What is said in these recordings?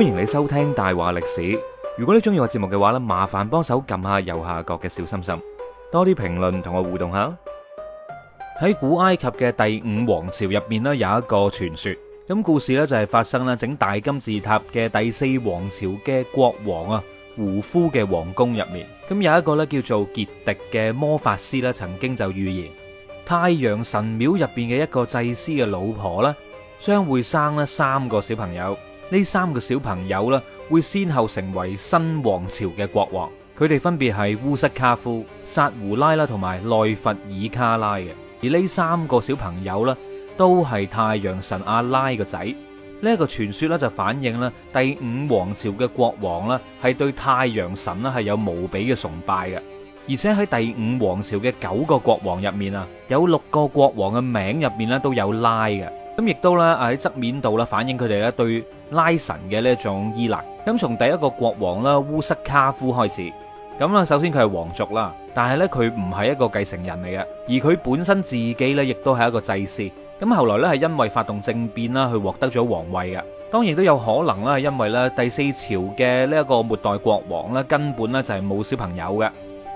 歡迎你收聽大話歷史。如果你中意我節目嘅話呢，麻煩幫手撳下右下角嘅小心心，多啲評論同我互動下。喺古埃及嘅第五王朝入面呢，有一個傳說。咁故事呢，就係發生咧整大金字塔嘅第四王朝嘅國王啊胡夫嘅皇宮入面。咁有一個呢叫做杰迪嘅魔法師呢，曾經就預言太陽神廟入邊嘅一個祭司嘅老婆呢，將會生呢三個小朋友。呢三個小朋友啦，會先後成為新王朝嘅國王。佢哋分別係烏塞卡夫、薩胡拉啦同埋內弗爾卡拉嘅。而呢三個小朋友啦，都係太陽神阿拉個仔。呢、這、一個傳說就反映啦第五王朝嘅國王啦，係對太陽神啦係有無比嘅崇拜嘅。而且喺第五王朝嘅九個國王入面啊，有六個國王嘅名入面咧都有拉嘅。咁亦都咧，喺側面度啦，反映佢哋咧對拉神嘅呢一種依賴。咁從第一個國王啦烏塞卡夫開始，咁啊，首先佢係皇族啦，但係咧佢唔係一個繼承人嚟嘅，而佢本身自己咧亦都係一個祭司。咁後來咧係因為發動政變啦，去獲得咗皇位嘅。當然都有可能咧，係因為咧第四朝嘅呢一個末代國王咧根本咧就係冇小朋友嘅，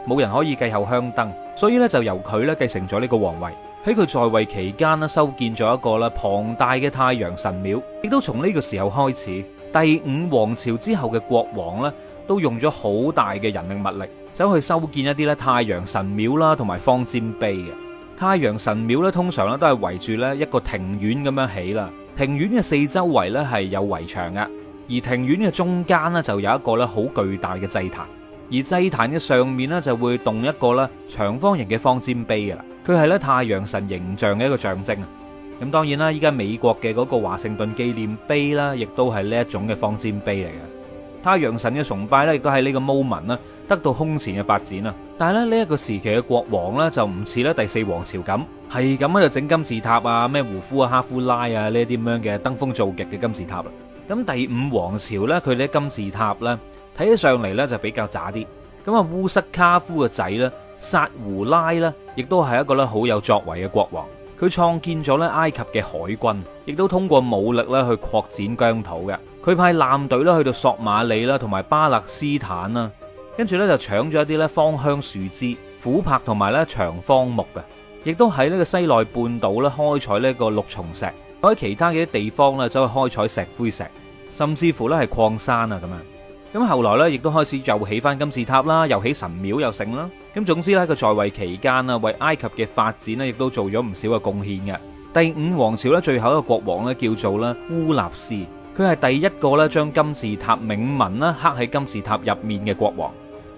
冇人可以繼後香燈，所以咧就由佢咧繼承咗呢個皇位。喺佢在，在位期間咧，修建咗一個啦龐大嘅太陽神廟，亦都從呢個時候開始，第五王朝之後嘅國王咧，都用咗好大嘅人力物力，走去修建一啲咧太陽神廟啦，同埋方尖碑嘅太陽神廟咧，通常咧都係圍住咧一個庭院咁樣起啦，庭院嘅四周圍咧係有圍牆㗎，而庭院嘅中間呢，就有一個咧好巨大嘅祭壇。而祭壇嘅上面咧，就會動一個咧長方形嘅方尖碑嘅啦。佢係咧太陽神形象嘅一個象徵啊。咁當然啦，依家美國嘅嗰個華盛頓紀念碑啦，亦都係呢一種嘅方尖碑嚟嘅。太陽神嘅崇拜咧，亦都喺呢個 moment 啦，得到空前嘅發展啊。但係咧呢一個時期嘅國王呢，就唔似咧第四王朝咁係咁啊，就整金字塔啊，咩胡夫啊、哈夫拉啊呢啲咁樣嘅登峰造極嘅金字塔啦。咁第五王朝呢，佢哋嘅金字塔呢。睇起上嚟咧，就比較渣啲。咁啊，烏塞卡夫嘅仔咧，薩胡拉呢，亦都係一個咧好有作為嘅國王。佢創建咗咧埃及嘅海軍，亦都通過武力咧去擴展疆土嘅。佢派艦隊咧去到索馬里啦，同埋巴勒斯坦啦，跟住咧就搶咗一啲咧芳香樹枝、琥珀同埋咧長方木嘅，亦都喺呢個西奈半島咧開採呢個綠松石，喺其他嘅地方咧走去開採石灰石，甚至乎咧係礦山啊咁樣。咁後來咧，亦都開始又起翻金字塔啦，又起神廟又成啦。咁總之咧，佢在位期間啊，為埃及嘅發展呢，亦都做咗唔少嘅貢獻嘅。第五王朝咧，最後一個國王呢，叫做咧烏納斯，佢係第一個咧將金字塔銘文呢，刻喺金字塔入面嘅國王。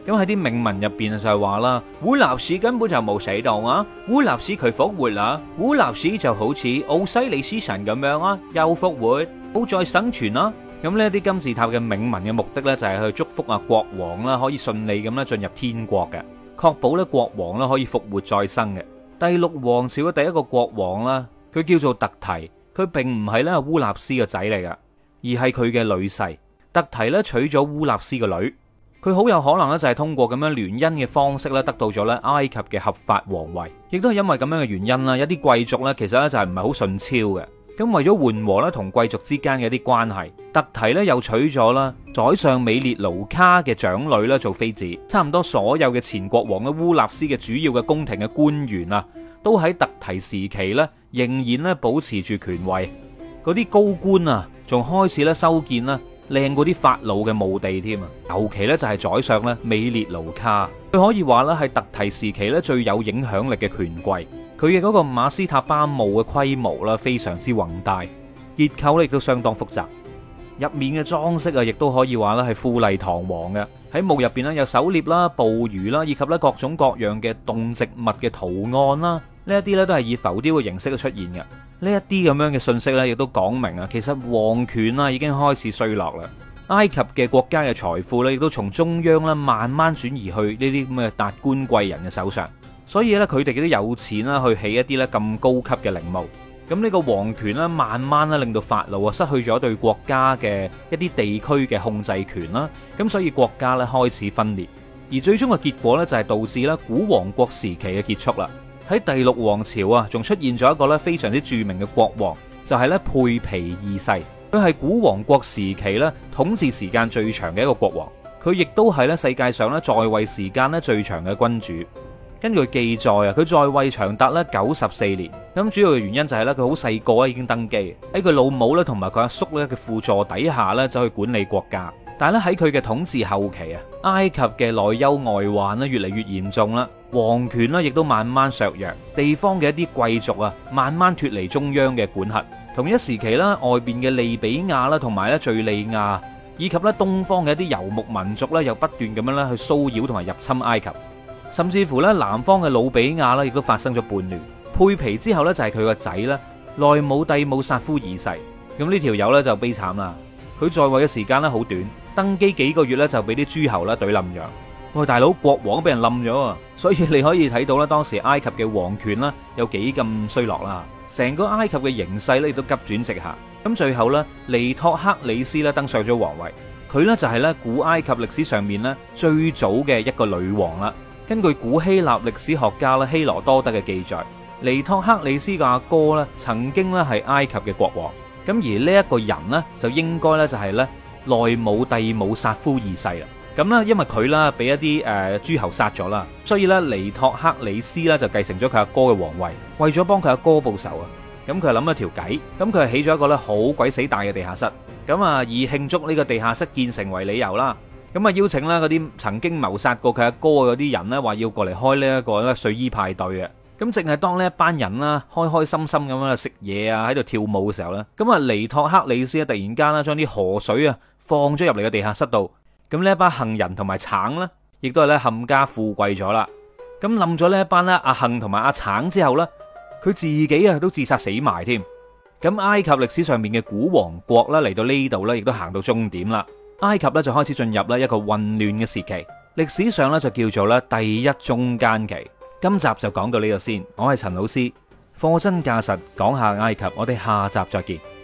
咁喺啲銘文入邊就係話啦，烏納斯根本就冇死到啊，烏納斯佢復活啦，烏納斯就好似奧西里斯神咁樣啊，又復活，好再生存啦。咁呢啲金字塔嘅銘文嘅目的呢，就係去祝福啊國王啦，可以順利咁咧進入天國嘅，確保咧國王咧可以復活再生嘅。第六王朝嘅第一個國王啦，佢叫做特提，佢並唔係咧烏納斯嘅仔嚟噶，而係佢嘅女婿。特提呢娶咗烏納斯嘅女，佢好有可能呢就係通過咁樣聯姻嘅方式咧得到咗咧埃及嘅合法王位，亦都係因為咁樣嘅原因啦，一啲貴族呢，其實呢就係唔係好順超嘅。咁為咗緩和咧同貴族之間嘅一啲關係，特提咧又娶咗啦宰相美列盧卡嘅長女啦做妃子。差唔多所有嘅前國王嘅烏納斯嘅主要嘅宮廷嘅官員啊，都喺特提時期咧仍然咧保持住權位。嗰啲高官啊，仲開始咧修建啦靚嗰啲法老嘅墓地添啊。尤其咧就係宰相咧美列盧卡，佢可以話咧係特提時期咧最有影響力嘅權貴。佢嘅嗰個馬斯塔巴墓嘅規模啦，非常之宏大，結構咧亦都相當複雜，入面嘅裝飾啊，亦都可以話咧係富麗堂皇嘅。喺墓入邊咧有狩獵啦、捕魚啦，以及咧各種各樣嘅動植物嘅圖案啦，呢一啲咧都係以浮雕嘅形式出現嘅。呢一啲咁樣嘅信息咧，亦都講明啊，其實王權啦已經開始衰落啦。埃及嘅國家嘅財富咧，亦都從中央啦慢慢轉移去呢啲咁嘅達官貴人嘅手上。所以咧，佢哋都有錢啦，去起一啲咧咁高級嘅陵墓。咁呢個皇權咧，慢慢咧令到法老啊失去咗對國家嘅一啲地區嘅控制權啦。咁所以國家咧開始分裂，而最終嘅結果咧就係導致咧古王國時期嘅結束啦。喺第六王朝啊，仲出現咗一個咧非常之著名嘅國王，就係咧佩皮二世。佢係古王國時期咧統治時間最長嘅一個國王，佢亦都係咧世界上咧在位時間咧最長嘅君主。根據佢記載啊，佢在位長達咧九十四年。咁主要嘅原因就係咧，佢好細個啊，已經登基，喺佢老母咧同埋佢阿叔咧嘅輔助底下咧走去管理國家。但係咧喺佢嘅統治後期啊，埃及嘅內憂外患咧越嚟越嚴重啦，王權咧亦都慢慢削弱，地方嘅一啲貴族啊慢慢脫離中央嘅管轄。同一時期啦，外邊嘅利比亞啦同埋咧敍利亞以及咧東方嘅一啲遊牧民族咧又不斷咁樣咧去騷擾同埋入侵埃及。甚至乎咧，南方嘅努比亞啦，亦都發生咗叛亂。佩皮之後咧，就係佢個仔啦，奈姆蒂姆薩夫二世。咁呢條友咧就悲慘啦，佢在位嘅時間咧好短，登基幾個月咧就俾啲諸侯咧隊冧咗。喂、哎，大佬，國王都俾人冧咗啊！所以你可以睇到咧，當時埃及嘅皇權啦，有幾咁衰落啦。成個埃及嘅形勢咧，亦都急轉直下。咁最後呢，尼托克里斯咧登上咗皇位，佢呢就係咧古埃及歷史上面咧最早嘅一個女王啦。根據古希臘歷史學家啦希羅多德嘅記載，尼托克里斯嘅阿哥咧曾經咧係埃及嘅國王，咁而呢一個人呢，就應該呢，就係咧內姆蒂姆薩夫二世啦，咁咧因為佢啦俾一啲誒諸侯殺咗啦，所以呢，尼托克里斯呢，就繼承咗佢阿哥嘅皇位，為咗幫佢阿哥報仇啊，咁佢諗一條計，咁佢係起咗一個咧好鬼死大嘅地下室，咁啊以慶祝呢個地下室建成為理由啦。咁啊，邀請啦嗰啲曾經謀殺過佢阿哥嗰啲人咧，話要過嚟開呢一個咧睡衣派對啊！咁淨係當呢一班人啦，開開心心咁樣食嘢啊，喺度跳舞嘅時候呢，咁啊尼托克里斯咧突然間啦，將啲河水啊放咗入嚟嘅地下室度。咁呢一班杏仁同埋橙呢，亦都係咧冚家富貴咗啦。咁冧咗呢一班咧阿杏同埋阿橙之後呢，佢自己啊都自殺死埋添。咁埃及歷史上面嘅古王國呢，嚟到呢度呢，亦都行到終點啦。埃及咧就開始進入咧一個混亂嘅時期，歷史上咧就叫做咧第一中間期。今集就講到呢度先，我係陳老師，貨真價實，講下埃及，我哋下集再見。